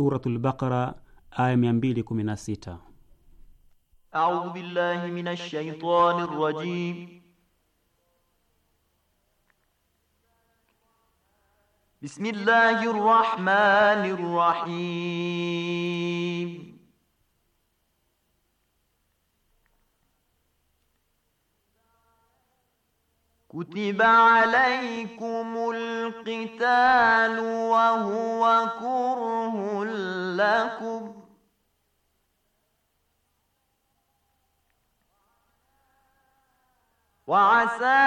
Suratul Baqara aya sita. A'udhu billahi minash shaitani rrajim. Bismillahir rahmanir rahim. كتب عليكم القتال وهو كره لكم وعسى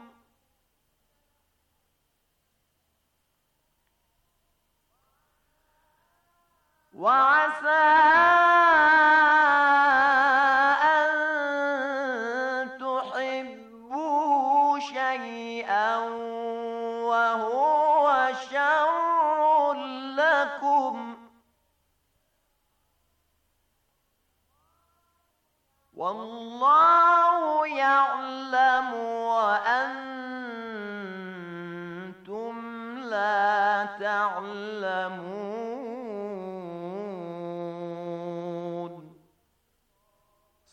وعسى أن تحبوا شيئا وهو شر لكم والله يعلم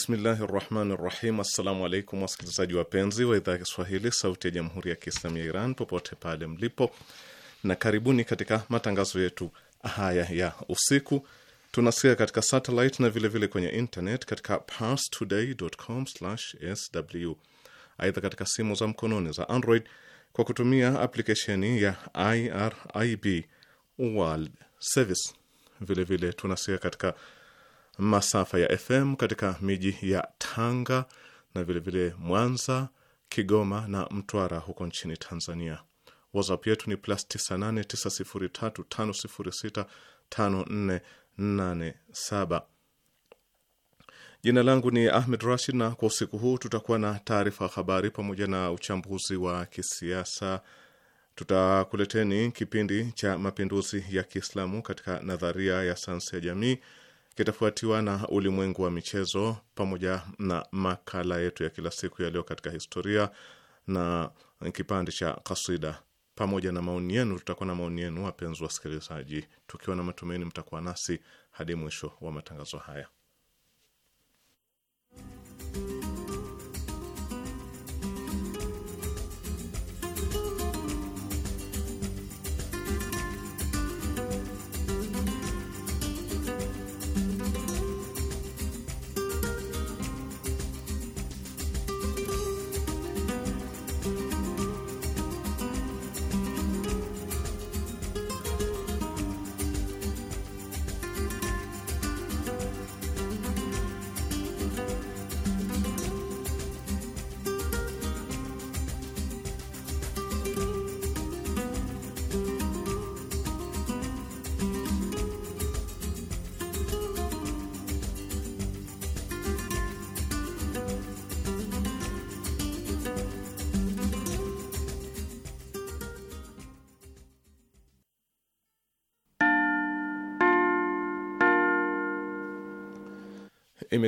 Bismillahi rahmani rahim. Assalamu alaikum wasikilizaji wapenzi wa idhaa ya Kiswahili sauti ya jamhuri ya kiislamu ya Iran popote pale mlipo, na karibuni katika matangazo yetu haya ya usiku. Tunasikia katika satelit na vilevile vile kwenye internet katika parstoday.com/sw. Aidha, katika simu za mkononi za Android kwa kutumia aplikesheni ya IRIB World Service. Vilevile tunasikia katika masafa ya FM katika miji ya Tanga na vilevile vile Mwanza, Kigoma na Mtwara huko nchini Tanzania. WhatsApp yetu ni plus 989035065487. Jina langu ni Ahmed Rashid, na kwa usiku huu tutakuwa na taarifa habari pamoja na uchambuzi wa kisiasa. Tutakuleteni kipindi cha mapinduzi ya Kiislamu katika nadharia ya sayansi ya jamii kitafuatiwa na ulimwengu wa michezo pamoja na makala yetu ya kila siku yaliyo katika historia na kipande cha kasida pamoja na maoni yenu. Tutakuwa na maoni yenu, wapenzi wasikilizaji, tukiwa na matumaini mtakuwa nasi hadi mwisho wa matangazo haya.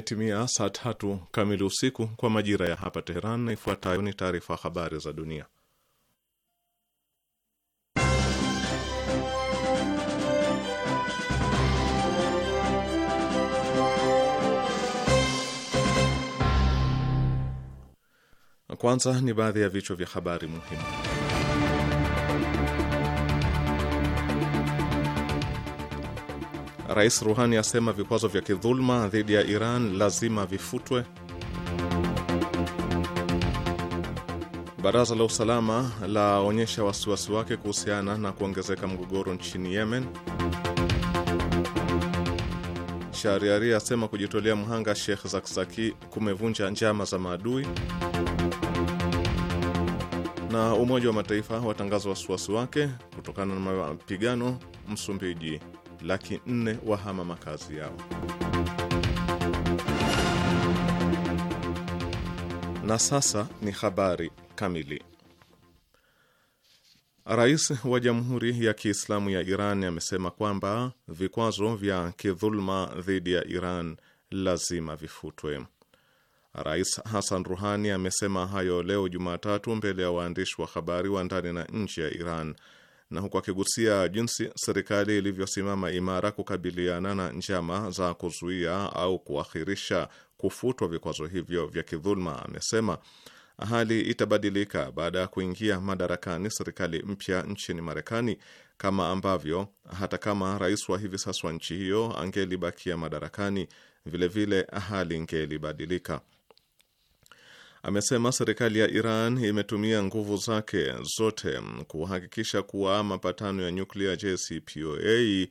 imetimia saa tatu kamili usiku kwa majira ya hapa Teheran, na ifuatayo ni taarifa habari za dunia. Kwanza ni baadhi ya vichwa vya habari muhimu. Rais Ruhani asema vikwazo vya kidhuluma dhidi ya Iran lazima vifutwe. Baraza la usalama laonyesha wasiwasi wake kuhusiana na kuongezeka mgogoro nchini Yemen. Shariari asema kujitolea mhanga Sheikh Zakzaki kumevunja njama za maadui. Na Umoja wa Mataifa watangaza wasiwasi wake kutokana na mapigano Msumbiji laki nne wahama makazi yao. Na sasa ni habari kamili. Rais wa Jamhuri ya Kiislamu ya Iran amesema kwamba vikwazo vya kidhuluma dhidi ya Iran lazima vifutwe. Rais Hassan Ruhani amesema hayo leo Jumatatu mbele ya waandishi wa habari wa ndani na nje ya Iran na huku akigusia jinsi serikali ilivyosimama imara kukabiliana na njama za kuzuia au kuakhirisha kufutwa vikwazo hivyo vya kidhuluma, amesema hali itabadilika baada ya kuingia madarakani serikali mpya nchini Marekani, kama ambavyo hata kama rais wa hivi sasa wa nchi hiyo angelibakia madarakani, vilevile hali ingelibadilika amesema serikali ya Iran imetumia nguvu zake zote kuhakikisha kuwa mapatano ya nyuklia JCPOA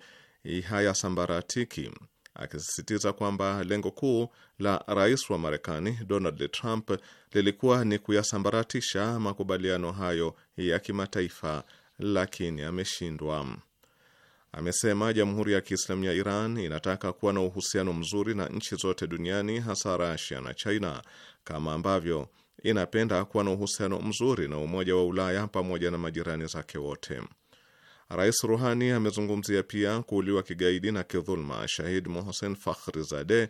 hayasambaratiki, akisisitiza kwamba lengo kuu la rais wa Marekani Donald Trump lilikuwa ni kuyasambaratisha makubaliano hayo ya kimataifa, lakini ameshindwa. Amesema Jamhuri ya Kiislamu ya Iran inataka kuwa na uhusiano mzuri na nchi zote duniani, hasa rasia na China, kama ambavyo inapenda kuwa na uhusiano mzuri na Umoja wa Ulaya pamoja na majirani zake wote. Rais Ruhani amezungumzia pia kuuliwa kigaidi na kidhulma shahid Mohsen zade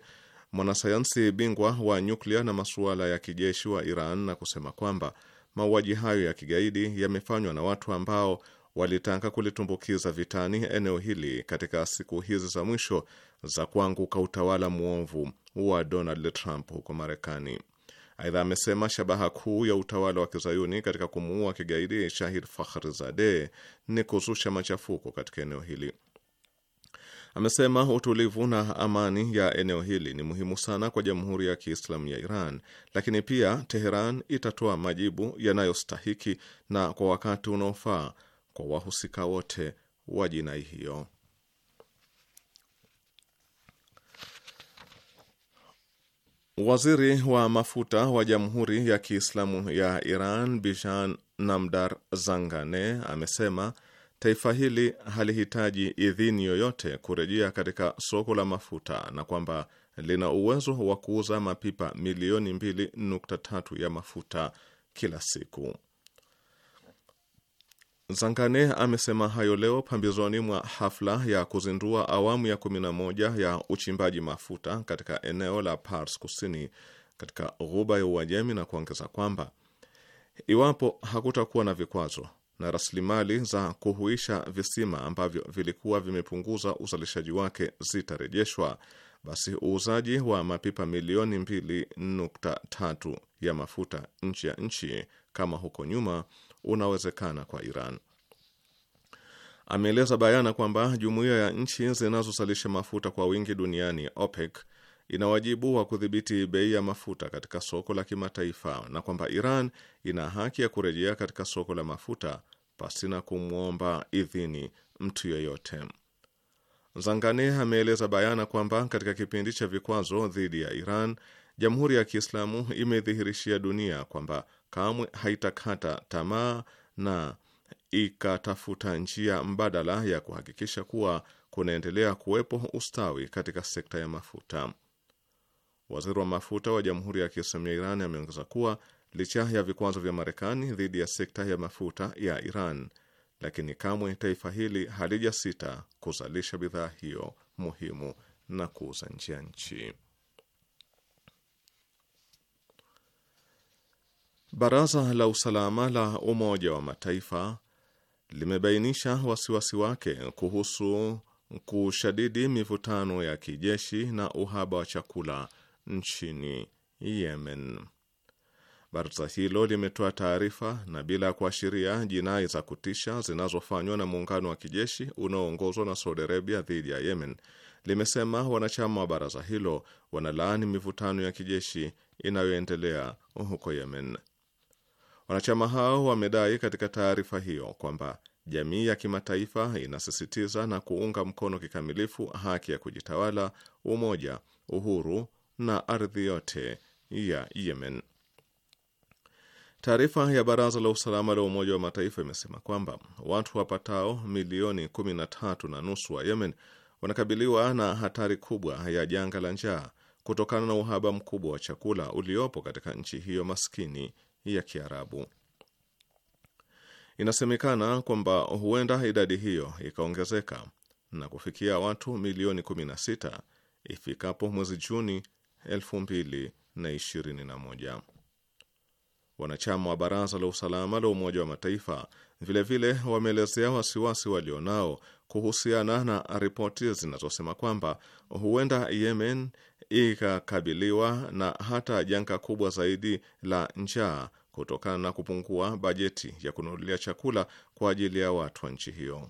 mwanasayansi bingwa wa nyuklia na masuala ya kijeshi wa Iran, na kusema kwamba mauaji hayo ya kigaidi yamefanywa na watu ambao walitaka kulitumbukiza vitani eneo hili katika siku hizi za mwisho za kuanguka utawala mwovu wa Donald Trump huko Marekani. Aidha, amesema shabaha kuu ya utawala wa kizayuni katika kumuua kigaidi Shahid Fakhrizadeh ni kuzusha machafuko katika eneo hili. Amesema utulivu na amani ya eneo hili ni muhimu sana kwa Jamhuri ya Kiislamu ya Iran, lakini pia Teheran itatoa majibu yanayostahiki na kwa wakati unaofaa kwa wahusika wote wa jinai hiyo. Waziri wa mafuta wa Jamhuri ya Kiislamu ya Iran Bishan Namdar Zangane amesema taifa hili halihitaji idhini yoyote kurejea katika soko la mafuta na kwamba lina uwezo wa kuuza mapipa milioni 2.3 ya mafuta kila siku. Zangane amesema hayo leo pambizoni mwa hafla ya kuzindua awamu ya 11 ya uchimbaji mafuta katika eneo la Pars Kusini katika ghuba ya Uajemi na kuongeza kwamba iwapo hakutakuwa na vikwazo na rasilimali za kuhuisha visima ambavyo vilikuwa vimepunguza uzalishaji wake zitarejeshwa, basi uuzaji wa mapipa milioni 2.3 ya mafuta nchi ya nchi kama huko nyuma unawezekana kwa Iran. Ameeleza bayana kwamba jumuiya ya nchi zinazozalisha mafuta kwa wingi duniani OPEC ina wajibu wa kudhibiti bei ya mafuta katika soko la kimataifa na kwamba Iran ina haki ya kurejea katika soko la mafuta pasina kumwomba idhini mtu yeyote. zangane ameeleza bayana kwamba katika kipindi cha vikwazo dhidi ya Iran, Jamhuri ya Kiislamu imedhihirishia dunia kwamba kamwe haitakata tamaa na ikatafuta njia mbadala ya kuhakikisha kuwa kunaendelea kuwepo ustawi katika sekta ya mafuta. Waziri wa mafuta wa Jamhuri ya Kiislamu ya Iran ameongeza kuwa licha ya vikwazo vya Marekani dhidi ya sekta ya mafuta ya Iran, lakini kamwe taifa hili halijasita kuzalisha bidhaa hiyo muhimu na kuuza nje ya nchi. Baraza la usalama la Umoja wa Mataifa limebainisha wasiwasi wake kuhusu kushadidi mivutano ya kijeshi na uhaba wa chakula nchini Yemen. Baraza hilo limetoa taarifa na bila ya kuashiria jinai za kutisha zinazofanywa na muungano wa kijeshi unaoongozwa na Saudi Arabia dhidi ya Yemen, limesema wanachama wa baraza hilo wanalaani mivutano ya kijeshi inayoendelea huko Yemen. Wanachama hao wamedai katika taarifa hiyo kwamba jamii ya kimataifa inasisitiza na kuunga mkono kikamilifu haki ya kujitawala, umoja, uhuru na ardhi yote ya Yemen. Taarifa ya Baraza la Usalama la Umoja wa Mataifa imesema kwamba watu wapatao milioni kumi na tatu na nusu wa Yemen wanakabiliwa na hatari kubwa ya janga la njaa kutokana na uhaba mkubwa wa chakula uliopo katika nchi hiyo maskini ya Kiarabu. Inasemekana kwamba huenda idadi hiyo ikaongezeka na kufikia watu milioni 16 ifikapo mwezi Juni 2021. Wanachama wa Baraza la Usalama la Umoja wa Mataifa vilevile wameelezea wasiwasi walionao kuhusiana na ripoti zinazosema kwamba huenda Yemen ikakabiliwa na hata janga kubwa zaidi la njaa kutokana na kupungua bajeti ya kununulia chakula kwa ajili ya watu wa nchi hiyo.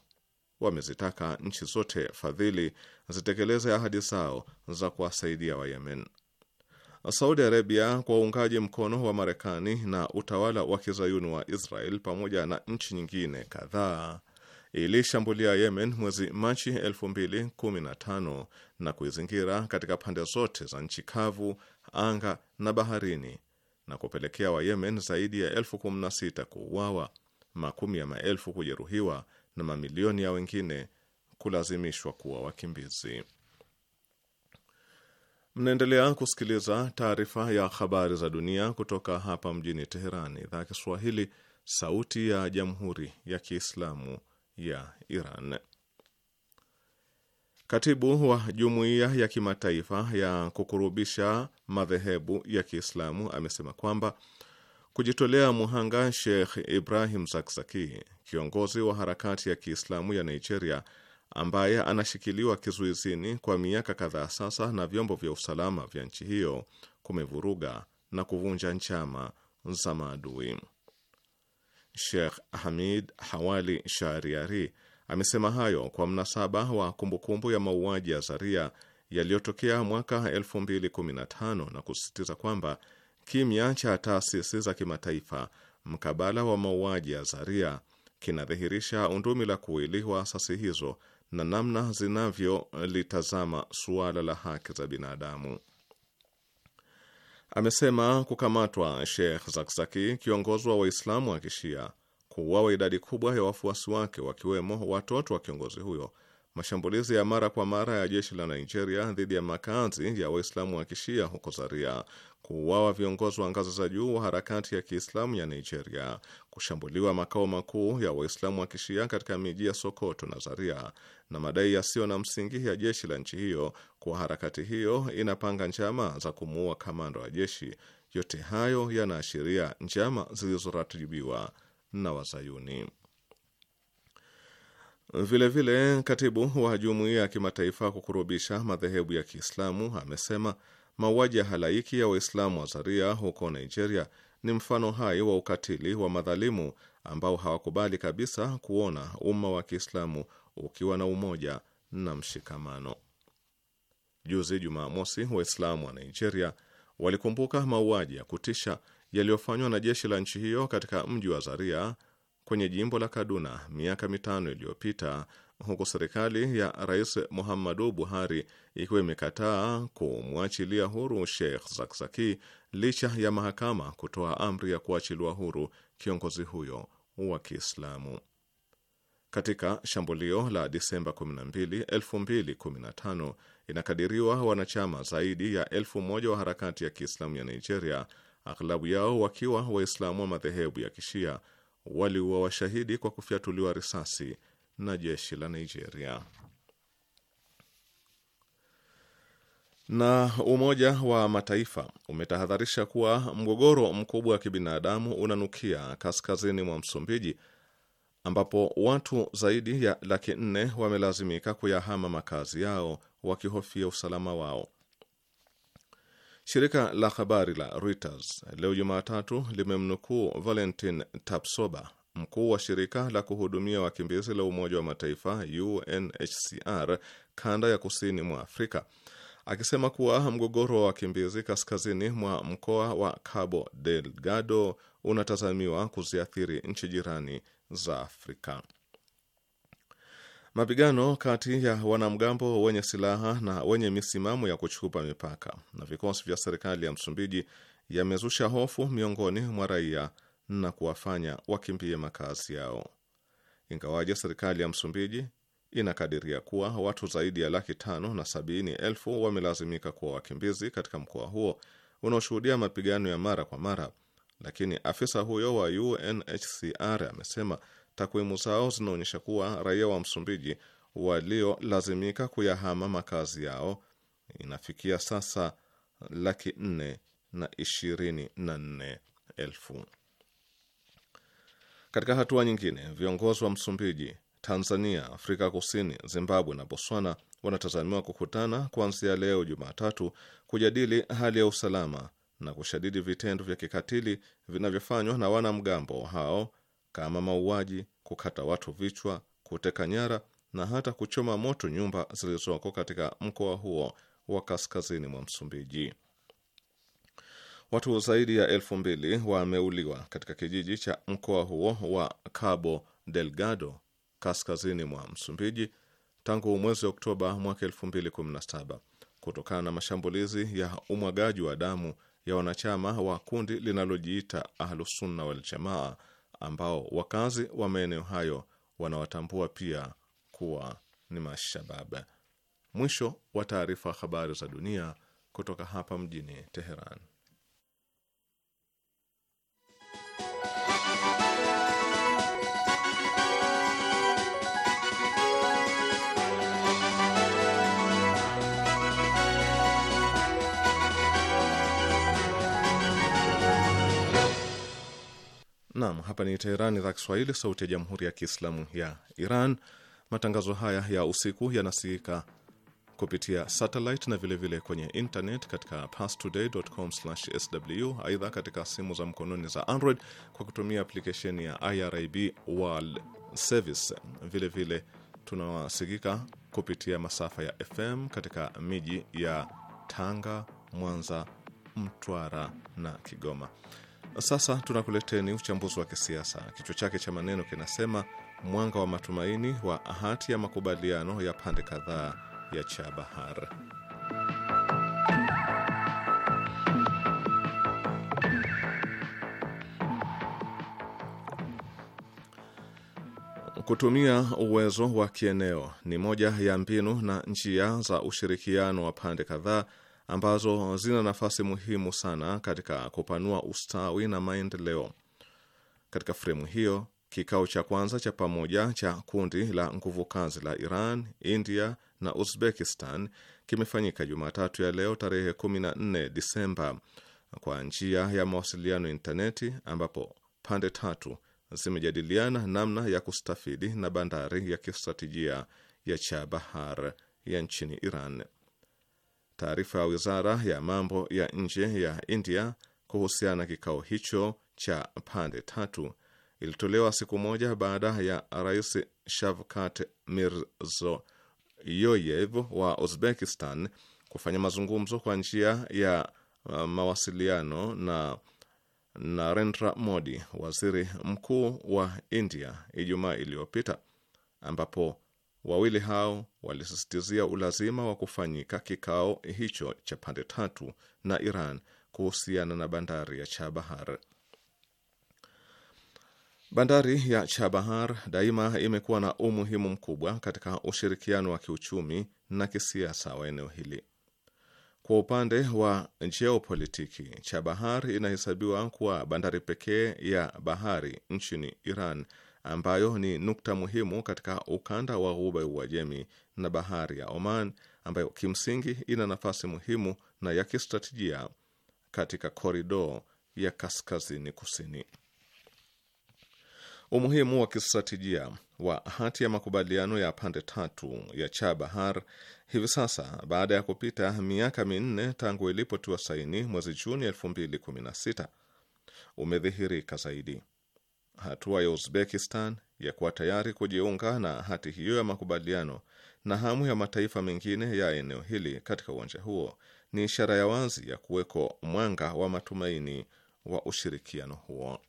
Wamezitaka nchi zote fadhili zitekeleze ahadi zao za kuwasaidia Wayemen. Saudi Arabia kwa uungaji mkono wa Marekani na utawala wa kizayuni wa Israel pamoja na nchi nyingine kadhaa ilishambulia Yemen mwezi Machi 2015 na kuizingira katika pande zote za nchi kavu, anga na baharini na kupelekea Wayemen zaidi ya elfu kumi na sita kuuawa, makumi ya maelfu kujeruhiwa na mamilioni ya wengine kulazimishwa kuwa wakimbizi. Mnaendelea kusikiliza taarifa ya habari za dunia kutoka hapa mjini Teherani, idhaa ya Kiswahili, sauti ya jamhuri ya Kiislamu ya Iran. Katibu wa Jumuiya ya Kimataifa ya Kukurubisha Madhehebu ya Kiislamu amesema kwamba kujitolea muhanga Sheikh Ibrahim Zakzaki, kiongozi wa harakati ya Kiislamu ya Nigeria, ambaye anashikiliwa kizuizini kwa miaka kadhaa sasa na vyombo vya usalama vya nchi hiyo, kumevuruga na kuvunja njama za maadui. Sheikh Hamid Hawali Shariari amesema hayo kwa mnasaba wa kumbukumbu ya mauaji ya Zaria yaliyotokea mwaka 2015 na kusisitiza kwamba kimya cha taasisi za kimataifa mkabala wa mauaji ya Zaria kinadhihirisha undumi la kuiliwa asasi hizo na namna zinavyolitazama suala la haki za binadamu amesema kukamatwa Sheikh Zakzaki, kiongozi wa Waislamu wa Kishia, kuuawa idadi kubwa ya wafuasi wake wakiwemo watoto wa kiongozi huyo Mashambulizi ya mara kwa mara ya jeshi la Nigeria dhidi ya makazi ya Waislamu wa kishia huko Zaria, kuuawa viongozi wa ngazi za juu wa harakati ya Kiislamu ya Nigeria, kushambuliwa makao makuu ya Waislamu wa kishia katika miji ya Sokoto na Zaria, na madai yasiyo na msingi ya jeshi la nchi hiyo kuwa harakati hiyo inapanga njama za kumuua kamanda wa jeshi, yote hayo yanaashiria njama zilizoratibiwa na Wazayuni. Vilevile vile, katibu wa jumuiya ya kimataifa kukurubisha madhehebu ya Kiislamu amesema mauaji ya halaiki ya Waislamu wa Zaria huko Nigeria ni mfano hai wa ukatili wa madhalimu ambao hawakubali kabisa kuona umma wa Kiislamu ukiwa na umoja na mshikamano. Juzi Jumamosi, Waislamu wa Nigeria walikumbuka mauaji ya kutisha yaliyofanywa na jeshi la nchi hiyo katika mji wa Zaria kwenye jimbo la Kaduna miaka mitano iliyopita, huku serikali ya Rais Muhammadu Buhari ikiwa imekataa kumwachilia huru Sheikh Zakzaki licha ya mahakama kutoa amri ya kuachiliwa huru kiongozi huyo wa Kiislamu. Katika shambulio la Disemba 12, 2015 inakadiriwa wanachama zaidi ya elfu moja wa harakati ya Kiislamu ya Nigeria, aghlabu yao wakiwa Waislamu wa madhehebu ya Kishia waliuwa washahidi kwa kufyatuliwa risasi na jeshi la Nigeria. Na Umoja wa Mataifa umetahadharisha kuwa mgogoro mkubwa wa kibinadamu unanukia kaskazini mwa Msumbiji ambapo watu zaidi ya laki nne wamelazimika kuyahama makazi yao wakihofia usalama wao. Shirika la habari la Reuters leo Jumatatu limemnukuu Valentin Tapsoba, mkuu wa shirika la kuhudumia wakimbizi la Umoja wa Mataifa UNHCR kanda ya kusini mwa Afrika akisema kuwa mgogoro wa wakimbizi kaskazini mwa mkoa wa Cabo Delgado unatazamiwa kuziathiri nchi jirani za Afrika. Mapigano kati ya wanamgambo wenye silaha na wenye misimamo ya kuchupa mipaka na vikosi vya serikali ya Msumbiji yamezusha hofu miongoni mwa raia na kuwafanya wakimbie makazi yao. Ingawaje serikali ya Msumbiji inakadiria kuwa watu zaidi ya laki tano na sabini elfu wamelazimika kuwa wakimbizi katika mkoa huo unaoshuhudia mapigano ya mara kwa mara, lakini afisa huyo wa UNHCR amesema takwimu zao zinaonyesha kuwa raia wa Msumbiji waliolazimika kuyahama makazi yao inafikia sasa laki nne na ishirini na nne elfu. Katika hatua nyingine, viongozi wa Msumbiji, Tanzania, Afrika Kusini, Zimbabwe na Botswana wanatazamiwa kukutana kuanzia leo Jumatatu kujadili hali ya usalama na kushadidi vitendo vya kikatili vinavyofanywa na wanamgambo hao kama mauaji, kukata watu vichwa, kuteka nyara na hata kuchoma moto nyumba zilizoko katika mkoa huo wa kaskazini mwa Msumbiji. Watu zaidi ya elfu mbili wameuliwa katika kijiji cha mkoa huo wa Cabo Delgado kaskazini mwa Msumbiji tangu mwezi Oktoba mwaka saba kutokana na mashambulizi ya umwagaji wa damu ya wanachama wa kundi linalojiita Ahlusunna Waljamaa ambao wakazi wa maeneo hayo wanawatambua pia kuwa ni mashabab. Mwisho wa taarifa. Habari za dunia kutoka hapa mjini Teheran. Naam, hapa ni Teherani, idhaa Kiswahili, sauti ya jamhuri ya kiislamu ya Iran. Matangazo haya ya usiku yanasikika kupitia satellite na vilevile vile kwenye internet katika pastoday.com/sw. Aidha, katika simu za mkononi za Android kwa kutumia aplikesheni ya IRIB World Service. Vilevile vile tunawasikika kupitia masafa ya FM katika miji ya Tanga, Mwanza, Mtwara na Kigoma. Sasa tunakuleteni uchambuzi wa kisiasa, kichwa chake cha maneno kinasema mwanga wa matumaini wa hati ya makubaliano ya pande kadhaa ya Chabahar. Kutumia uwezo wa kieneo ni moja ya mbinu na njia za ushirikiano wa pande kadhaa ambazo zina nafasi muhimu sana katika kupanua ustawi na maendeleo. Katika fremu hiyo, kikao cha kwanza cha pamoja cha kundi la nguvu kazi la Iran, India na Uzbekistan kimefanyika Jumatatu ya leo tarehe 14 Disemba kwa njia ya mawasiliano intaneti, ambapo pande tatu zimejadiliana namna ya kustafidi na bandari ya kistratejia ya Chabahar ya nchini Iran taarifa ya wizara ya mambo ya nje ya India kuhusiana na kikao hicho cha pande tatu ilitolewa siku moja baada ya Rais Shavkat Mirzoyoyev wa Uzbekistan kufanya mazungumzo kwa njia ya uh, mawasiliano na Narendra Modi, waziri mkuu wa India, Ijumaa iliyopita ambapo Wawili hao walisisitizia ulazima wa kufanyika kikao hicho cha pande tatu na Iran kuhusiana na bandari ya Chabahar. Bandari ya Chabahar daima imekuwa na umuhimu mkubwa katika ushirikiano wa kiuchumi na kisiasa wa eneo hili. Kwa upande wa jeopolitiki, Chabahar inahesabiwa kuwa bandari pekee ya bahari nchini Iran ambayo ni nukta muhimu katika ukanda wa ghuba ya Uajemi na bahari ya Oman, ambayo kimsingi ina nafasi muhimu na ya kistratejia katika korido ya kaskazini kusini. Umuhimu wa kistratejia wa hati ya makubaliano ya pande tatu ya Chabahar hivi sasa baada ya kupita miaka minne tangu ilipotiwa saini mwezi Juni 2016 umedhihirika zaidi hatua ya Uzbekistan ya kuwa tayari kujiunga na hati hiyo ya makubaliano na hamu ya mataifa mengine ya eneo hili katika uwanja huo ni ishara ya wazi ya kuweko mwanga wa matumaini wa ushirikiano huo.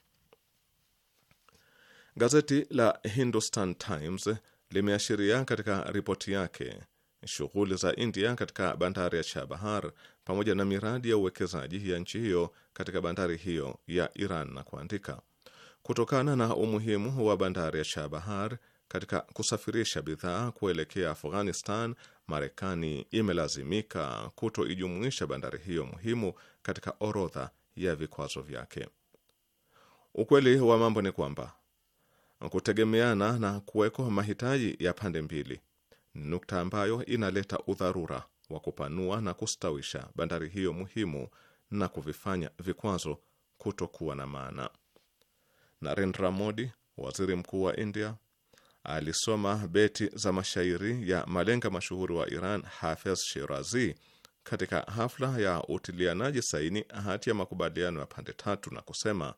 Gazeti la Hindustan Times limeashiria katika ripoti yake shughuli za India katika bandari ya Chabahar pamoja na miradi ya uwekezaji ya nchi hiyo katika bandari hiyo ya Iran na kuandika kutokana na umuhimu wa bandari ya Chabahar katika kusafirisha bidhaa kuelekea Afghanistan, Marekani imelazimika kutoijumuisha bandari hiyo muhimu katika orodha ya vikwazo vyake. Ukweli wa mambo ni kwamba kutegemeana na kuweko mahitaji ya pande mbili ni nukta ambayo inaleta udharura wa kupanua na kustawisha bandari hiyo muhimu na kuvifanya vikwazo kutokuwa na maana. Narendra Modi, waziri mkuu wa India, alisoma beti za mashairi ya malenga mashuhuri wa Iran Hafez Shirazi katika hafla ya utilianaji saini hati ya makubaliano ya pande tatu na kusema,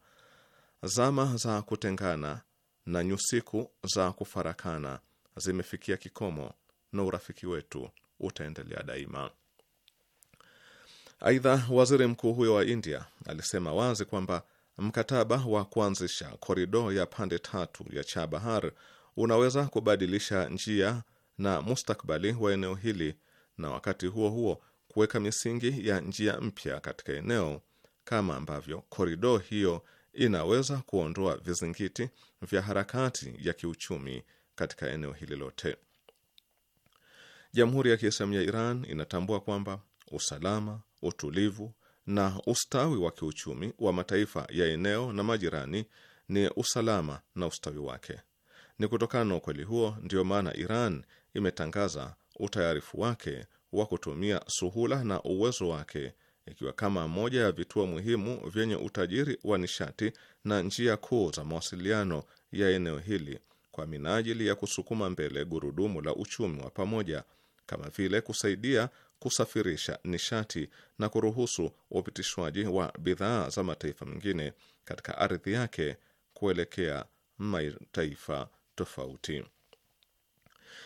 zama za kutengana na nyusiku za kufarakana zimefikia kikomo na urafiki wetu utaendelea daima. Aidha, waziri mkuu huyo wa India alisema wazi kwamba mkataba wa kuanzisha korido ya pande tatu ya Chabahar unaweza kubadilisha njia na mustakbali wa eneo hili na wakati huo huo kuweka misingi ya njia mpya katika eneo, kama ambavyo korido hiyo inaweza kuondoa vizingiti vya harakati ya kiuchumi katika eneo hili lote. Jamhuri ya Kiislamu ya Iran inatambua kwamba usalama, utulivu na ustawi wa kiuchumi wa mataifa ya eneo na majirani ni usalama na ustawi wake. Ni kutokana na ukweli huo ndiyo maana Iran imetangaza utayarifu wake wa kutumia suhula na uwezo wake ikiwa kama moja ya vituo muhimu vyenye utajiri wa nishati na njia kuu za mawasiliano ya eneo hili kwa minajili ya kusukuma mbele gurudumu la uchumi wa pamoja, kama vile kusaidia kusafirisha nishati na kuruhusu upitishwaji wa bidhaa za mataifa mengine katika ardhi yake kuelekea mataifa tofauti.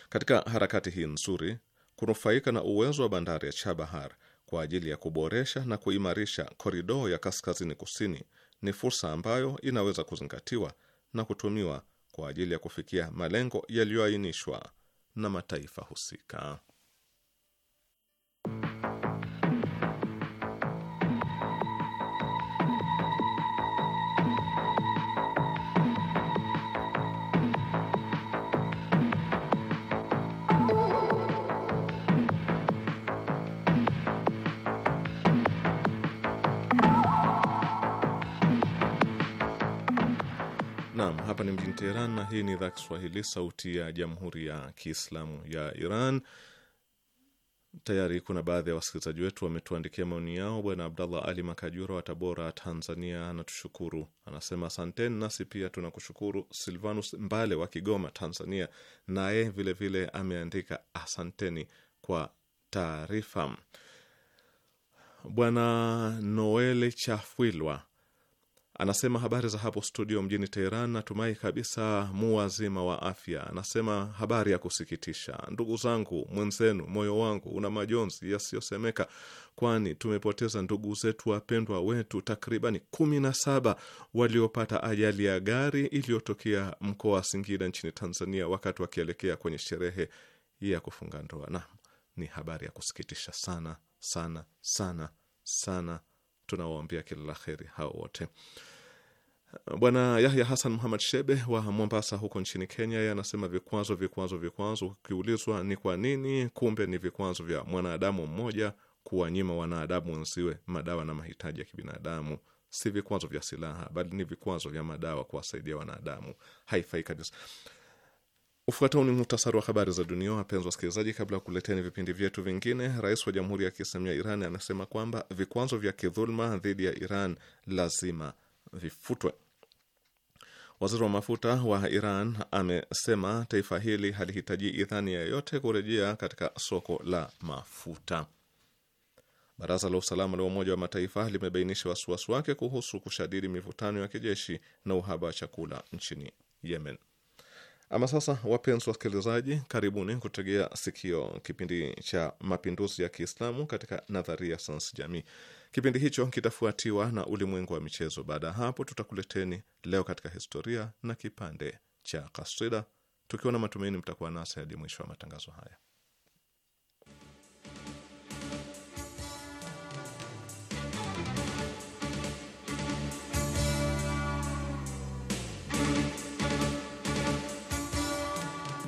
Katika harakati hii nzuri, kunufaika na uwezo wa bandari ya Chabahar kwa ajili ya kuboresha na kuimarisha korido ya kaskazini kusini ni fursa ambayo inaweza kuzingatiwa na kutumiwa kwa ajili ya kufikia malengo yaliyoainishwa na mataifa husika. Hapa ni mjini Teheran na hii ni idhaa Kiswahili sauti ya jamhuri ya Kiislamu ya Iran. Tayari kuna baadhi ya wasikilizaji wetu wametuandikia maoni yao. Bwana Abdallah Ali Makajura wa Tabora, Tanzania, anatushukuru anasema, asanteni. Nasi pia tunakushukuru. Silvanus Mbale wa Kigoma, Tanzania, naye vilevile ameandika asanteni kwa taarifa. Bwana Noel Chafwilwa Anasema habari za hapo studio mjini Teheran, natumai kabisa mu wazima wa afya. Anasema habari ya kusikitisha, ndugu zangu, mwenzenu, moyo wangu una majonzi yasiyosemeka, kwani tumepoteza ndugu zetu wapendwa wetu takribani kumi na saba waliopata ajali ya gari iliyotokea mkoa wa Singida nchini Tanzania wakati wakielekea kwenye sherehe ya kufunga ndoa. Naam, ni habari ya kusikitisha sana sana sana sana tunawaambia kila la kheri hao wote. Bwana Yahya Hasan Muhamad Shebe wa Mombasa huko nchini Kenya, yeye anasema vikwazo, vikwazo, vikwazo. Ukiulizwa ni kwa nini, kumbe ni vikwazo vya mwanadamu mmoja kuwanyima wanadamu wenziwe madawa na mahitaji ya kibinadamu. Si vikwazo vya silaha, bali ni vikwazo vya madawa kuwasaidia wanadamu. Haifai kabisa. Ufuatao ni muhtasari wa habari za dunia. Wapenzi wasikilizaji, kabla ya kuleteni vipindi vyetu vingine, rais wa Jamhuri ya Kiislamu ya Iran anasema kwamba vikwazo vya kidhuluma dhidi ya Iran lazima vifutwe. Waziri wa mafuta wa Iran amesema taifa hili halihitaji idhani yoyote kurejea katika soko la mafuta. Baraza la usalama la Umoja wa Mataifa limebainisha wasiwasi wake kuhusu kushadidi mivutano ya kijeshi na uhaba wa chakula nchini Yemen. Ama sasa, wapenzi wasikilizaji, karibuni kutegea sikio kipindi cha mapinduzi ya Kiislamu katika nadharia ya sayansi jamii. Kipindi hicho kitafuatiwa na ulimwengu wa michezo. Baada ya hapo, tutakuleteni leo katika historia na kipande cha kasida, tukiwa na matumaini mtakuwa nasi hadi mwisho wa matangazo haya.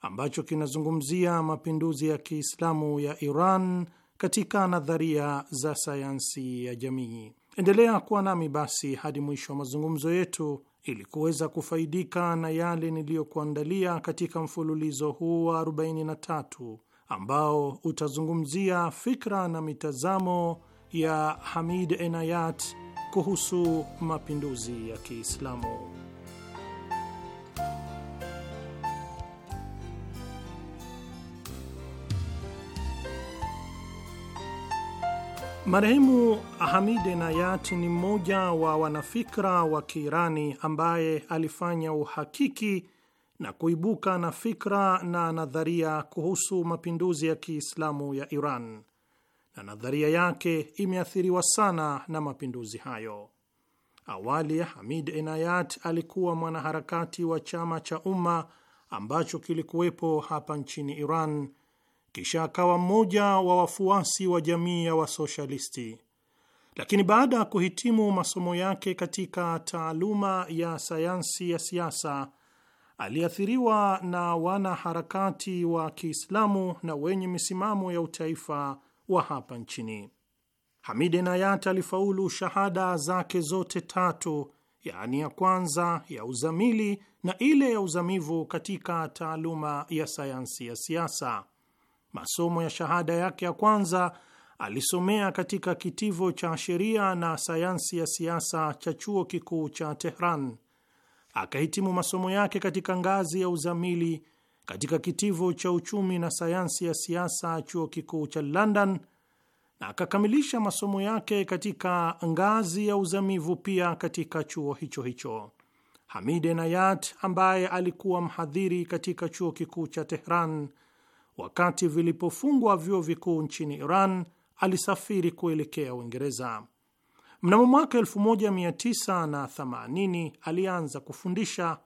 ambacho kinazungumzia mapinduzi ya Kiislamu ya Iran katika nadharia za sayansi ya jamii. Endelea kuwa nami basi hadi mwisho wa mazungumzo yetu ili kuweza kufaidika na yale niliyokuandalia katika mfululizo huu wa 43 ambao utazungumzia fikra na mitazamo ya Hamid Enayat kuhusu mapinduzi ya Kiislamu. Marehemu Hamid Enayat ni mmoja wa wanafikra wa Kiirani ambaye alifanya uhakiki na kuibuka na fikra na nadharia kuhusu mapinduzi ya Kiislamu ya Iran, na nadharia yake imeathiriwa sana na mapinduzi hayo. Awali Hamid Enayat alikuwa mwanaharakati wa chama cha Umma ambacho kilikuwepo hapa nchini Iran kisha akawa mmoja wa wafuasi wa jamii ya wasoshalisti. Lakini baada ya kuhitimu masomo yake katika taaluma ya sayansi ya siasa, aliathiriwa na wanaharakati wa Kiislamu na wenye misimamo ya utaifa wa hapa nchini. Hamid Enayat alifaulu shahada zake zote tatu, yaani ya kwanza, ya uzamili na ile ya uzamivu katika taaluma ya sayansi ya siasa. Masomo ya shahada yake ya kwanza alisomea katika kitivo cha sheria na sayansi ya siasa cha chuo kikuu cha Tehran. Akahitimu masomo yake katika ngazi ya uzamili katika kitivo cha uchumi na sayansi ya siasa chuo kikuu cha London na akakamilisha masomo yake katika ngazi ya uzamivu pia katika chuo hicho hicho. Hamid Enayat ambaye alikuwa mhadhiri katika chuo kikuu cha Tehran Wakati vilipofungwa vyuo vikuu nchini Iran, alisafiri kuelekea Uingereza. Mnamo mwaka 1980 alianza kufundisha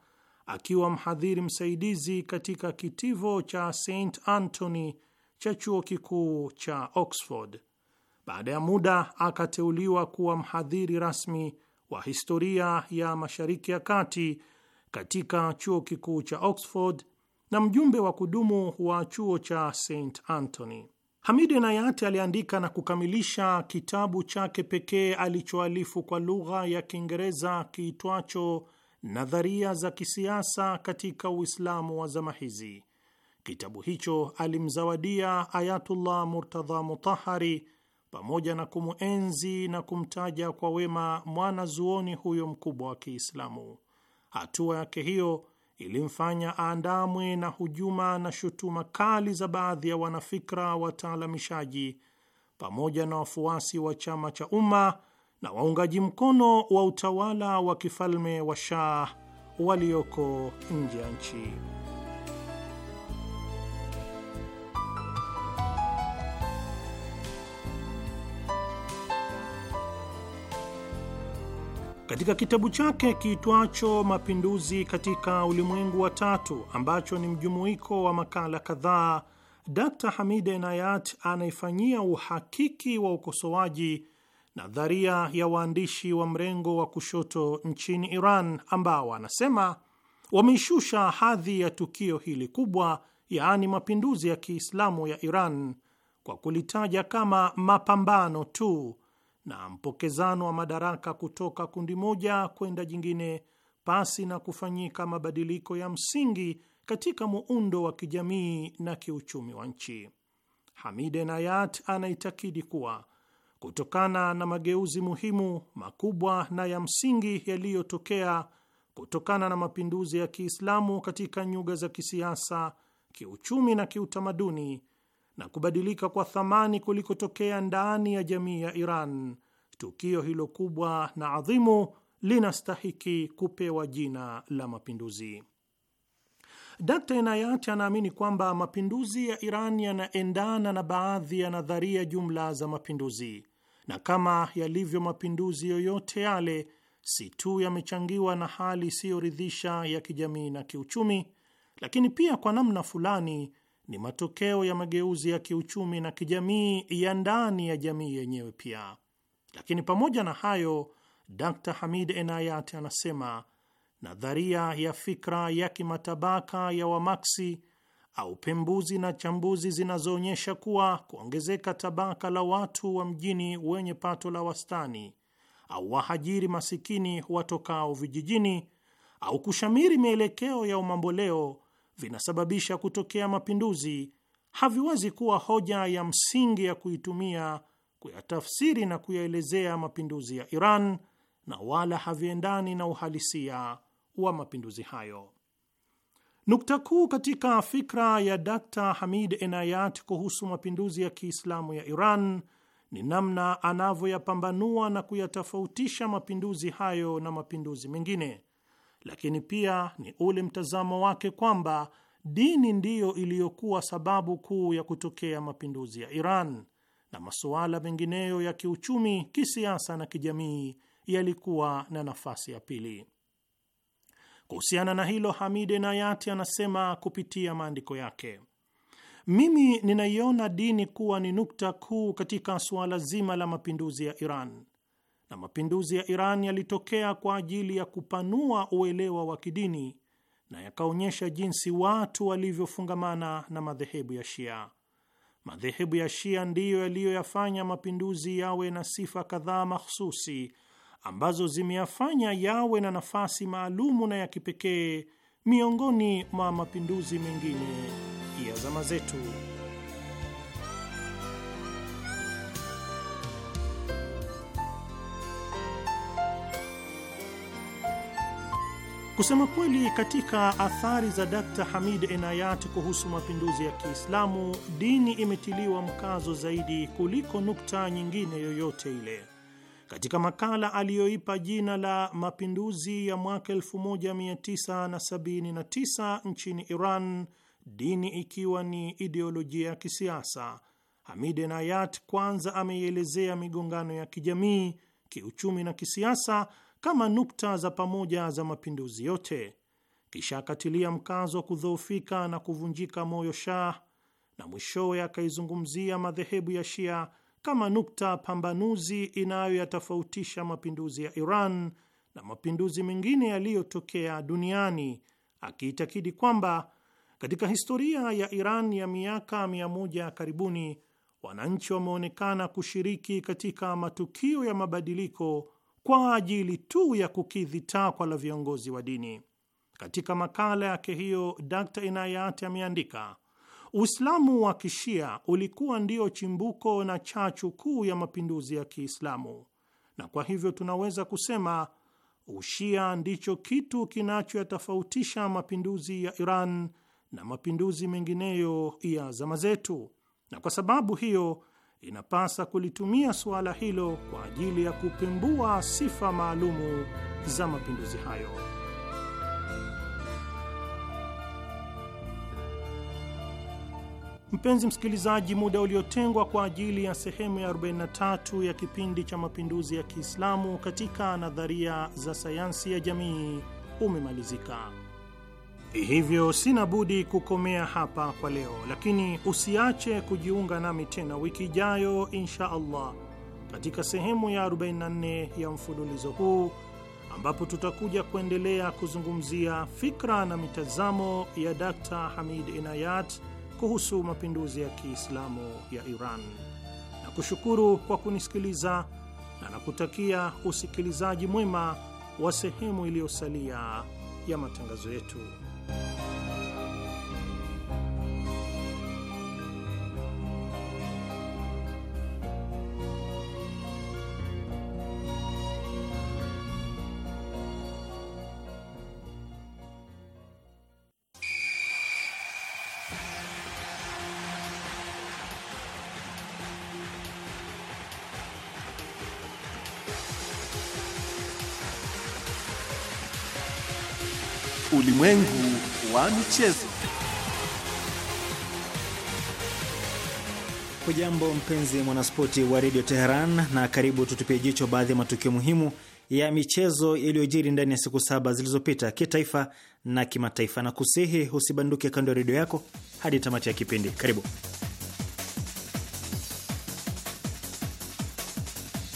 akiwa mhadhiri msaidizi katika kitivo cha St Anthony cha chuo kikuu cha Oxford. Baada ya muda akateuliwa kuwa mhadhiri rasmi wa historia ya Mashariki ya Kati katika chuo kikuu cha Oxford na mjumbe wa kudumu wa chuo cha St Anthony. Hamidi Nayati aliandika na kukamilisha kitabu chake pekee alichoalifu kwa lugha ya Kiingereza kiitwacho Nadharia za Kisiasa katika Uislamu wa Zama Hizi. Kitabu hicho alimzawadia Ayatullah Murtadha Mutahari pamoja na kumuenzi na kumtaja kwa wema mwanazuoni huyo mkubwa wa Kiislamu. Hatua yake hiyo ilimfanya aandamwe na hujuma na shutuma kali za baadhi ya wanafikra wataalamishaji pamoja na wafuasi wa chama cha umma na waungaji mkono wa utawala wa kifalme wa Shah walioko nje ya nchi. Katika kitabu chake kiitwacho Mapinduzi katika Ulimwengu wa Tatu, ambacho ni mjumuiko wa makala kadhaa, Dr Hamid Enayat anaifanyia uhakiki wa ukosoaji nadharia ya waandishi wa mrengo wa kushoto nchini Iran ambao anasema wameishusha hadhi ya tukio hili kubwa, yaani mapinduzi ya Kiislamu ya Iran, kwa kulitaja kama mapambano tu na mpokezano wa madaraka kutoka kundi moja kwenda jingine pasi na kufanyika mabadiliko ya msingi katika muundo wa kijamii na kiuchumi wa nchi. Hamid nayat anaitakidi kuwa kutokana na mageuzi muhimu makubwa na ya msingi yaliyotokea kutokana na mapinduzi ya Kiislamu katika nyuga za kisiasa, kiuchumi na kiutamaduni na kubadilika kwa thamani kulikotokea ndani ya jamii ya Iran, tukio hilo kubwa na adhimu linastahiki kupewa jina la mapinduzi. Dkt Inayati anaamini kwamba mapinduzi ya Iran yanaendana na baadhi ya nadharia jumla za mapinduzi, na kama yalivyo mapinduzi yoyote yale, si tu yamechangiwa na hali isiyoridhisha ya kijamii na kiuchumi, lakini pia kwa namna fulani ni matokeo ya mageuzi ya kiuchumi na kijamii ya ndani ya jamii yenyewe pia. Lakini pamoja na hayo, Dr Hamid Enayat anasema nadharia ya fikra ya kimatabaka ya Wamaksi au pembuzi na chambuzi zinazoonyesha kuwa kuongezeka tabaka la watu wa mjini wenye pato la wastani au wahajiri masikini watokao vijijini au kushamiri mielekeo ya umamboleo vinasababisha kutokea mapinduzi haviwezi kuwa hoja ya msingi ya kuitumia kuyatafsiri na kuyaelezea mapinduzi ya Iran na wala haviendani na uhalisia wa mapinduzi hayo. Nukta kuu katika fikra ya Dr. Hamid Enayat kuhusu mapinduzi ya Kiislamu ya Iran ni namna anavyoyapambanua na kuyatofautisha mapinduzi hayo na mapinduzi mengine lakini pia ni ule mtazamo wake kwamba dini ndiyo iliyokuwa sababu kuu ya kutokea mapinduzi ya Iran na masuala mengineyo ya kiuchumi, kisiasa na kijamii yalikuwa na nafasi ya pili. Kuhusiana na hilo, Hamid Enayati anasema kupitia maandiko yake, mimi ninaiona dini kuwa ni nukta kuu katika suala zima la mapinduzi ya Iran na mapinduzi ya Iran yalitokea kwa ajili ya kupanua uelewa wa kidini na yakaonyesha jinsi watu walivyofungamana na madhehebu ya Shia. Madhehebu ya Shia ndiyo yaliyoyafanya mapinduzi yawe na sifa kadhaa mahsusi ambazo zimeyafanya yawe na nafasi maalumu na ya kipekee miongoni mwa mapinduzi mengine ya zama zetu. Kusema kweli, katika athari za Dkt Hamid Enayat kuhusu mapinduzi ya Kiislamu, dini imetiliwa mkazo zaidi kuliko nukta nyingine yoyote ile. Katika makala aliyoipa jina la mapinduzi ya mwaka 1979 nchini Iran, dini ikiwa ni ideolojia ya kisiasa, Hamid Enayat kwanza ameielezea migongano ya kijamii, kiuchumi na kisiasa kama nukta za pamoja za mapinduzi yote, kisha akatilia mkazo wa kudhoofika na kuvunjika moyo Shah na mwishowe akaizungumzia madhehebu ya Shia kama nukta pambanuzi inayoyatofautisha mapinduzi ya Iran na mapinduzi mengine yaliyotokea duniani, akiitakidi kwamba katika historia ya Iran ya miaka mia moja karibuni wananchi wameonekana kushiriki katika matukio ya mabadiliko kwa ajili tu ya kukidhi takwa la viongozi wa dini. Katika makala yake hiyo, Dr Inayati ameandika Uislamu wa kishia ulikuwa ndio chimbuko na chachu kuu ya mapinduzi ya Kiislamu, na kwa hivyo tunaweza kusema ushia ndicho kitu kinachoyatofautisha mapinduzi ya Iran na mapinduzi mengineyo ya zama zetu, na kwa sababu hiyo inapasa kulitumia suala hilo kwa ajili ya kupembua sifa maalumu za mapinduzi hayo. Mpenzi msikilizaji, muda uliotengwa kwa ajili ya sehemu ya 43 ya kipindi cha mapinduzi ya Kiislamu katika nadharia za sayansi ya jamii umemalizika. Hivyo sina budi kukomea hapa kwa leo, lakini usiache kujiunga nami tena wiki ijayo insha Allah katika sehemu ya 44 ya mfululizo huu ambapo tutakuja kuendelea kuzungumzia fikra na mitazamo ya Dkt. Hamid Inayat kuhusu mapinduzi ya Kiislamu ya Iran. Na kushukuru kwa kunisikiliza na nakutakia usikilizaji mwema wa sehemu iliyosalia ya matangazo yetu. ulimwengu wa michezo. Hujambo mpenzi mwanaspoti wa redio Teheran, na karibu tutupie jicho baadhi ya matukio muhimu ya michezo yaliyojiri ndani ya siku saba zilizopita kitaifa na kimataifa, na kusihi usibanduke kando ya redio yako hadi tamati ya kipindi. Karibu.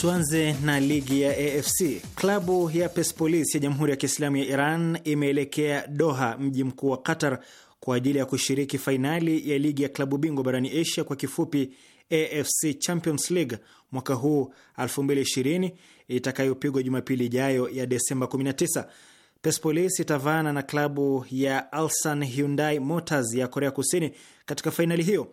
Tuanze na ligi ya AFC. Klabu ya Persepolis ya Jamhuri ya Kiislamu ya Iran imeelekea Doha, mji mkuu wa Qatar, kwa ajili ya kushiriki fainali ya ligi ya klabu bingwa barani Asia, kwa kifupi AFC Champions League mwaka huu 2020 itakayopigwa Jumapili ijayo ya Desemba 19. Persepolis itavaana na klabu ya Alsan Hyundai Motors ya Korea Kusini katika fainali hiyo.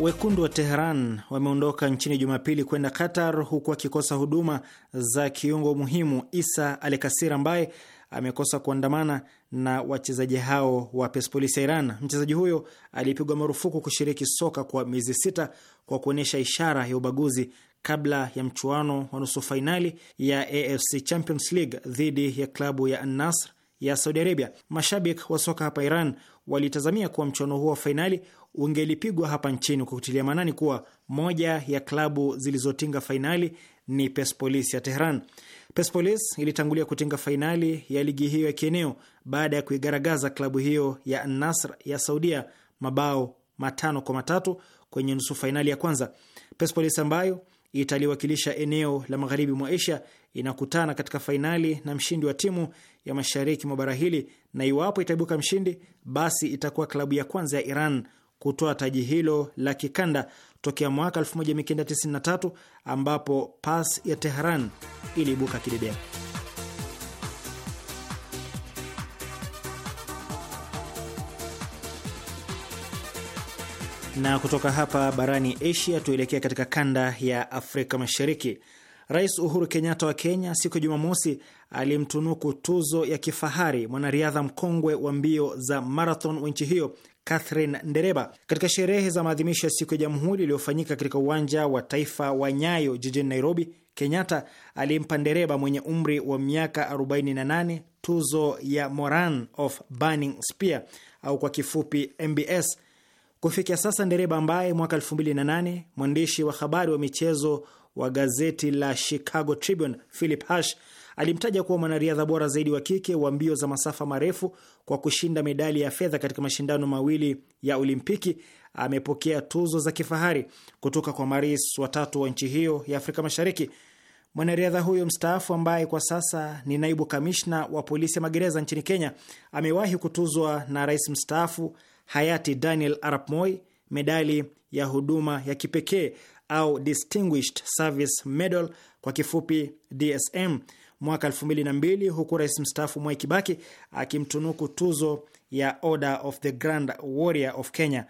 Wekundu wa Teheran wameondoka nchini Jumapili kwenda Qatar, huku akikosa huduma za kiungo muhimu Isa Al Kasir ambaye amekosa kuandamana na wachezaji hao wa Persepolis ya Iran. Mchezaji huyo alipigwa marufuku kushiriki soka kwa miezi sita kwa kuonyesha ishara ya ubaguzi kabla ya mchuano wa nusu fainali ya AFC Champions League dhidi ya klabu ya Nasr ya Saudi Arabia. mashabik wa soka hapa Iran walitazamia kuwa mchuano huo wa fainali ungelipigwa hapa nchini kwa kutilia maanani kuwa moja ya klabu zilizotinga fainali ni Persepolis ya Tehran. Persepolis ilitangulia kutinga fainali ya ligi hiyo ya kieneo baada ya kuigaragaza klabu hiyo ya Nasr ya Saudia mabao matano kwa matatu kwenye nusu fainali ya kwanza. Persepolis ambayo italiwakilisha eneo la magharibi mwa Asia inakutana katika fainali na mshindi wa timu ya mashariki mwa bara hili, na iwapo itaibuka mshindi, basi itakuwa klabu ya kwanza ya Iran kutoa taji hilo la kikanda tokea mwaka 1993 ambapo Pas ya teheran iliibuka kidedea. Na kutoka hapa barani Asia tuelekea katika kanda ya Afrika Mashariki. Rais Uhuru Kenyatta wa Kenya siku ya Jumamosi alimtunuku tuzo ya kifahari mwanariadha mkongwe wa mbio za marathon wa nchi hiyo Catherine Ndereba katika sherehe za maadhimisho ya siku ya Jamhuri iliyofanyika katika uwanja wa taifa wa Nyayo jijini Nairobi. Kenyatta alimpa Ndereba mwenye umri wa miaka 48 tuzo ya Moran of Burning Spear au kwa kifupi MBS. Kufikia sasa, Ndereba ambaye mwaka 2008 mwandishi wa habari wa michezo wa gazeti la Chicago Tribune Philip Hash Alimtaja kuwa mwanariadha bora zaidi wa kike wa mbio za masafa marefu kwa kushinda medali ya fedha katika mashindano mawili ya Olimpiki. Amepokea tuzo za kifahari kutoka kwa marais watatu wa nchi hiyo ya Afrika Mashariki. Mwanariadha huyo mstaafu ambaye kwa sasa ni naibu kamishna wa polisi ya magereza nchini Kenya amewahi kutuzwa na rais mstaafu hayati Daniel Arap Moi medali ya huduma ya kipekee au Distinguished Service Medal kwa kifupi DSM mwaka 2002 huku rais mstaafu Mwai Kibaki akimtunuku tuzo ya Order of the Grand Warrior of Kenya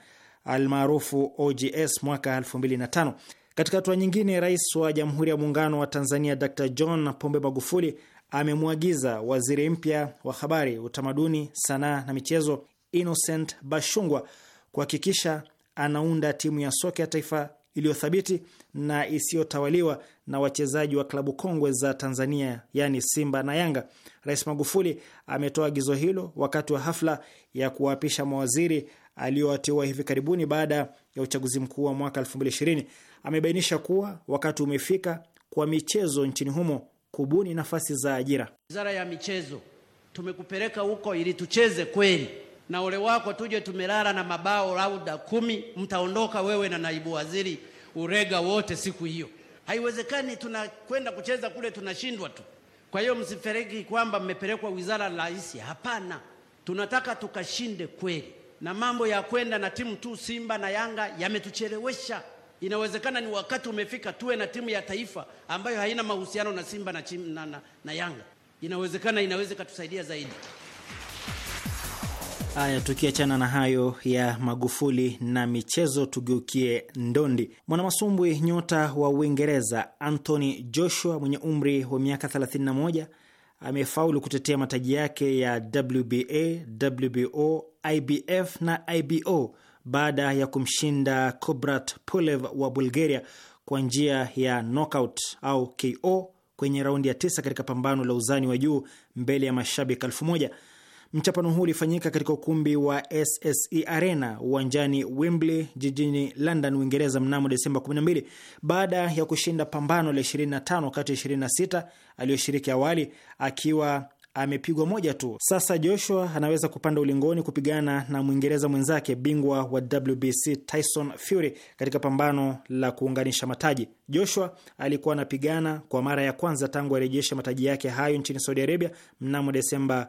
almaarufu OGS mwaka 2005. Katika hatua nyingine, rais wa Jamhuri ya Muungano wa Tanzania Dr John Pombe Magufuli amemwagiza waziri mpya wa habari, utamaduni, sanaa na michezo Innocent Bashungwa kuhakikisha anaunda timu ya soka ya taifa iliyothabiti na isiyotawaliwa na wachezaji wa klabu kongwe za Tanzania, yani Simba na Yanga. Rais Magufuli ametoa agizo hilo wakati wa hafla ya kuwaapisha mawaziri aliyowateua hivi karibuni baada ya uchaguzi mkuu wa mwaka 2020. Amebainisha kuwa wakati umefika kwa michezo nchini humo kubuni nafasi za ajira. Wizara ya michezo tumekupeleka huko ili tucheze kweli na ole wako tuje tumelala na mabao lauda kumi, mtaondoka wewe na naibu waziri urega wote siku hiyo. Haiwezekani, tunakwenda kucheza kule tunashindwa tu. Kwa hiyo msifereki kwamba mmepelekwa wizara rahisi, hapana. Tunataka tukashinde kweli, na mambo ya kwenda na timu tu Simba na Yanga yametuchelewesha. Inawezekana ni wakati umefika tuwe na timu ya taifa ambayo haina mahusiano na Simba na, na, na, na Yanga. Inawezekana inaweza ikatusaidia zaidi. Haya, tukiachana na hayo ya Magufuli na michezo, tugeukie ndondi. Mwanamasumbwi nyota wa Uingereza Anthony Joshua mwenye umri wa miaka 31 amefaulu kutetea mataji yake ya WBA, WBO, IBF na IBO baada ya kumshinda Kubrat Pulev wa Bulgaria kwa njia ya knockout au KO kwenye raundi ya tisa katika pambano la uzani wa juu mbele ya mashabiki elfu moja. Mchapano huu ulifanyika katika ukumbi wa SSE Arena uwanjani Wembley jijini London, Uingereza mnamo Desemba 12 baada ya kushinda pambano la 25 kati ya 26 aliyoshiriki awali akiwa amepigwa moja tu. Sasa Joshua anaweza kupanda ulingoni kupigana na Mwingereza mwenzake bingwa wa WBC Tyson Fury katika pambano la kuunganisha mataji. Joshua alikuwa anapigana kwa mara ya kwanza tangu arejeshe mataji yake hayo nchini Saudi Arabia mnamo Desemba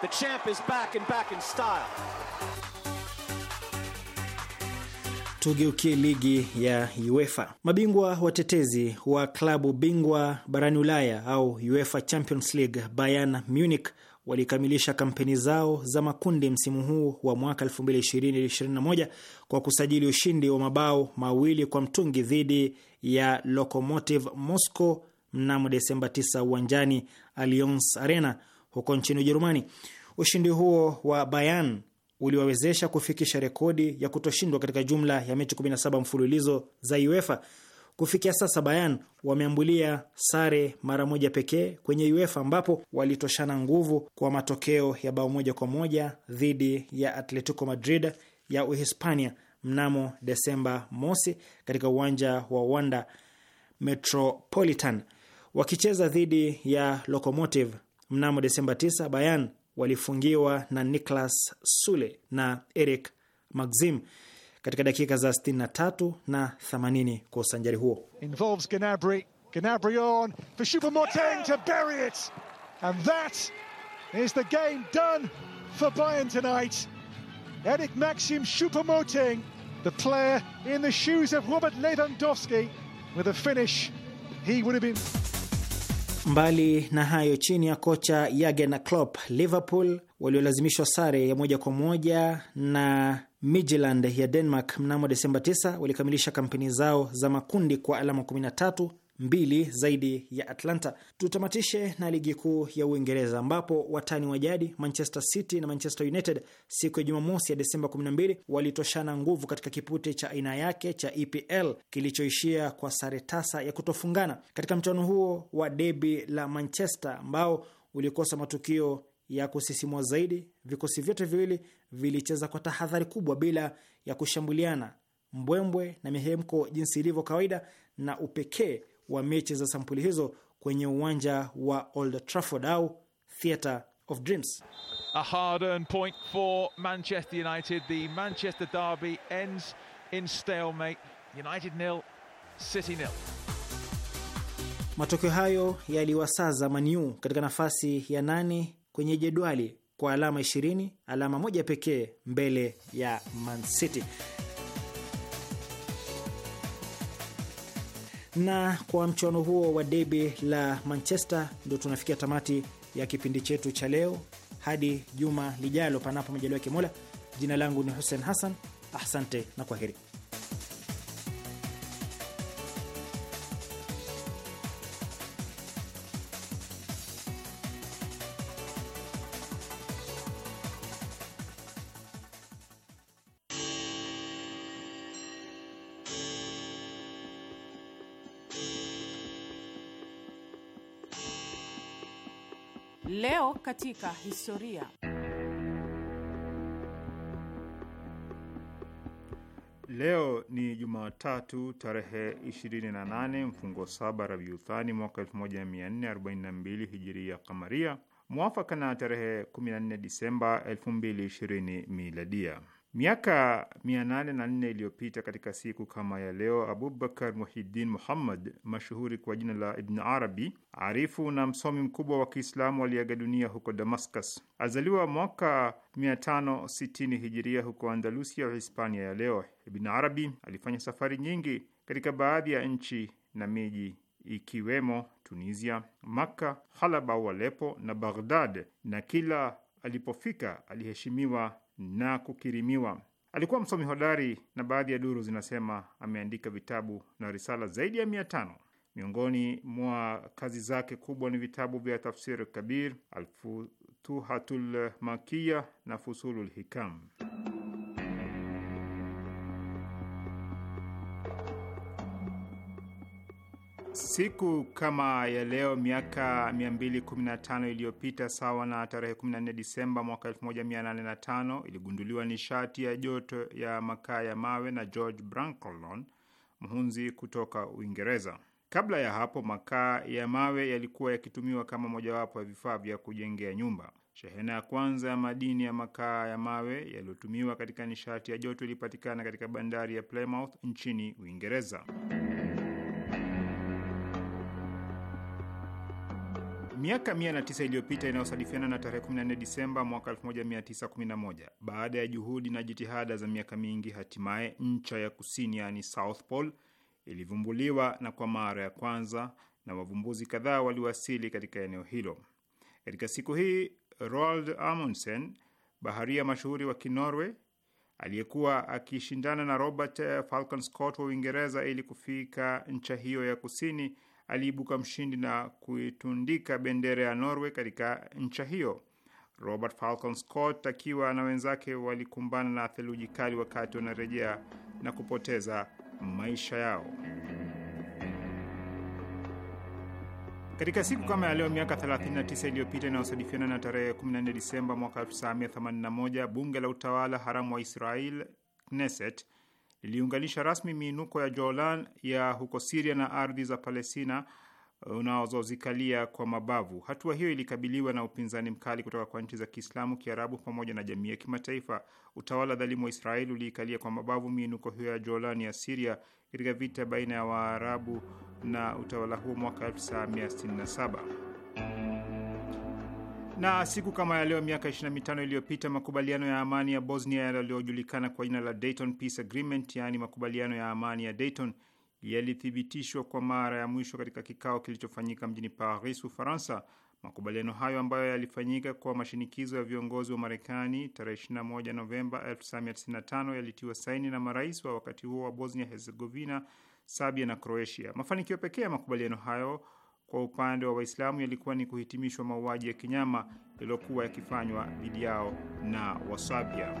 The champ is back and back in style. Tugeukie ligi ya UEFA. Mabingwa watetezi wa klabu bingwa barani Ulaya au UEFA Champions League, Bayern Munich walikamilisha kampeni zao za makundi msimu huu wa mwaka 2020-2021 kwa kusajili ushindi wa mabao mawili kwa mtungi dhidi ya Lokomotiv Moscow mnamo Desemba 9 uwanjani Allianz Arena huko nchini Ujerumani. Ushindi huo wa Bayern uliwawezesha kufikisha rekodi ya kutoshindwa katika jumla ya mechi 17 mfululizo za UEFA. Kufikia sasa Bayern wameambulia sare mara moja pekee kwenye UEFA ambapo walitoshana nguvu kwa matokeo ya bao moja kwa moja dhidi ya Atletico Madrid ya Uhispania mnamo Desemba mosi katika uwanja wa Wanda Metropolitan. Wakicheza dhidi ya Lokomotive mnamo Desemba 9 Bayan walifungiwa na Niklas Sule na Eric Maxim katika dakika za 63 na 80 kwa usanjari huo. Involves Gnabry. Gnabry on for Choupo-Moting to bury it. And that is the game done for Bayern tonight. Eric Maxim Choupo-Moting, the player in the shoes of Robert Lewandowski with a finish he would have been Mbali na hayo, chini ya kocha Jurgen Klopp, Liverpool waliolazimishwa sare ya moja kwa moja na Midtjylland ya Denmark mnamo Desemba 9 walikamilisha kampeni zao za makundi kwa alama 13 mbili zaidi ya Atlanta. Tutamatishe na ligi kuu ya Uingereza ambapo watani wa jadi Manchester City na Manchester United siku ya Jumamosi ya Desemba 12 walitoshana nguvu katika kipute cha aina yake cha EPL kilichoishia kwa sare tasa ya kutofungana. Katika mchuano huo wa debi la Manchester ambao ulikosa matukio ya kusisimua zaidi, vikosi vyote viwili vilicheza kwa tahadhari kubwa bila ya kushambuliana, mbwembwe na mihemko jinsi ilivyo kawaida na upekee wa mechi za sampuli hizo kwenye uwanja wa Old Trafford au Theatre of Dreams. A hard earned point for Manchester United. The Manchester derby ends in stalemate. United nil, City nil. Matokeo hayo yaliwasaza Maniu katika nafasi ya nane kwenye jedwali kwa alama 20, alama moja pekee mbele ya Man City. Na kwa mchuano huo wa debi la Manchester ndio tunafikia tamati ya kipindi chetu cha leo. Hadi juma lijalo, panapo majaliwa ya Mola. Jina langu ni Hussein Hassan, asante na kwaheri. katika historia. Leo ni Jumatatu tarehe 28 mfungo saba Rabiuthani mwaka 1442 hijiria kamaria, mwafaka na tarehe 14 Disemba 2020 miladia. Miaka 804 iliyopita katika siku kama ya leo, Abubakar Muhiddin Muhammad, mashuhuri kwa jina la Ibn Arabi, arifu na msomi mkubwa wa Kiislamu, aliaga dunia huko Damascus. Alizaliwa mwaka 560 hijiria huko Andalusia, Hispania ya leo. Ibn Arabi alifanya safari nyingi katika baadhi ya nchi na miji ikiwemo Tunisia, Makka, Halaba au Alepo na Baghdad, na kila alipofika aliheshimiwa na kukirimiwa. Alikuwa msomi hodari na baadhi ya duru zinasema ameandika vitabu na risala zaidi ya mia tano. Miongoni mwa kazi zake kubwa ni vitabu vya Tafsir Kabir, Alfutuhatul Makiya na Fusulul Hikam. Siku kama ya leo miaka 215 iliyopita sawa na tarehe 14 Disemba mwaka 1805 iligunduliwa nishati ya joto ya makaa ya mawe na George Brancolon, mhunzi kutoka Uingereza. Kabla ya hapo, makaa ya mawe yalikuwa yakitumiwa kama mojawapo ya vifaa vya kujengea nyumba. Shehena ya kwanza ya madini ya makaa ya mawe yaliyotumiwa katika nishati ya joto ilipatikana katika bandari ya Plymouth nchini Uingereza. miaka 109 iliyopita inayosadifiana na tarehe 14 Disemba mwaka 1911, baada ya juhudi na jitihada za miaka mingi, hatimaye ncha ya kusini, yani South Pole, ilivumbuliwa na kwa mara ya kwanza na wavumbuzi kadhaa waliwasili katika eneo hilo. Katika siku hii Roald Amundsen, baharia mashuhuri wa Kinorwe aliyekuwa akishindana na Robert Falcon Scott wa Uingereza ili kufika ncha hiyo ya kusini aliibuka mshindi na kuitundika bendera ya Norway katika ncha hiyo. Robert Falcon Scott akiwa na wenzake walikumbana na theluji kali wakati wanarejea na kupoteza maisha yao. Katika siku kama ya leo miaka 39 iliyopita inayosadifiana na tarehe 14 Disemba mwaka 1981, bunge la utawala haramu wa Israel Knesset liliunganisha rasmi miinuko ya Jolan ya huko Siria na ardhi za Palestina eh, unazozikalia kwa mabavu. Hatua hiyo ilikabiliwa na upinzani mkali kutoka kwa nchi za Kiislamu, Kiarabu pamoja na jamii ya kimataifa. Utawala dhalimu wa Israeli uliikalia kwa mabavu miinuko hiyo ya Jolan ya Siria katika vita baina ya Waarabu na utawala huo mwaka 1967. Na siku kama ya leo miaka 25 iliyopita makubaliano ya amani ya Bosnia yaliyojulikana kwa jina la Dayton Peace Agreement, yaani makubaliano ya amani ya Dayton yalithibitishwa kwa mara ya mwisho katika kikao kilichofanyika mjini Paris, Ufaransa. Makubaliano hayo ambayo yalifanyika kwa mashinikizo ya viongozi wa Marekani tarehe 21 Novemba 1995 yalitiwa saini na marais wa wakati huo wa Bosnia Herzegovina, Serbia na Croatia. Mafanikio pekee ya makubaliano hayo kwa upande wa Waislamu yalikuwa ni kuhitimishwa mauaji ya kinyama yaliyokuwa yakifanywa dhidi yao na Wasabia.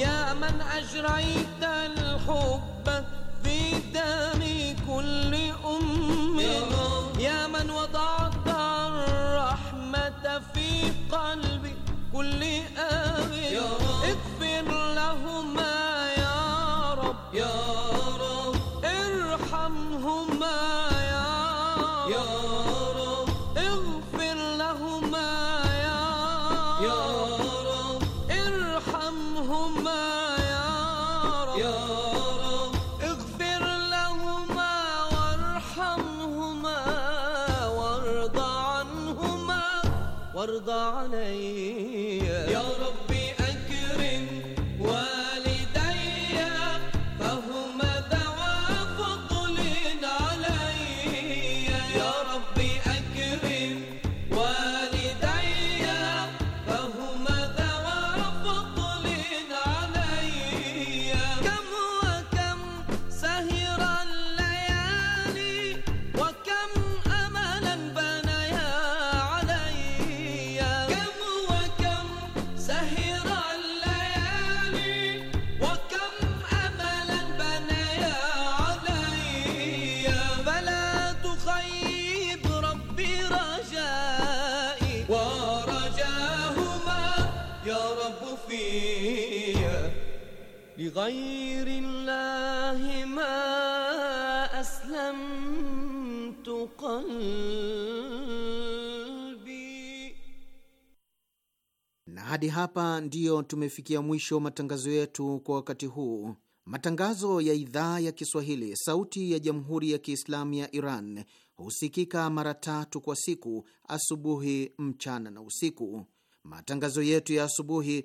يا من أجريت Oh. غير الله ما أسلمت قلبي. Na hadi hapa ndiyo tumefikia mwisho matangazo yetu kwa wakati huu. Matangazo ya idhaa ya Kiswahili sauti ya Jamhuri ya Kiislamu ya Iran husikika mara tatu kwa siku: asubuhi, mchana na usiku. Matangazo yetu ya asubuhi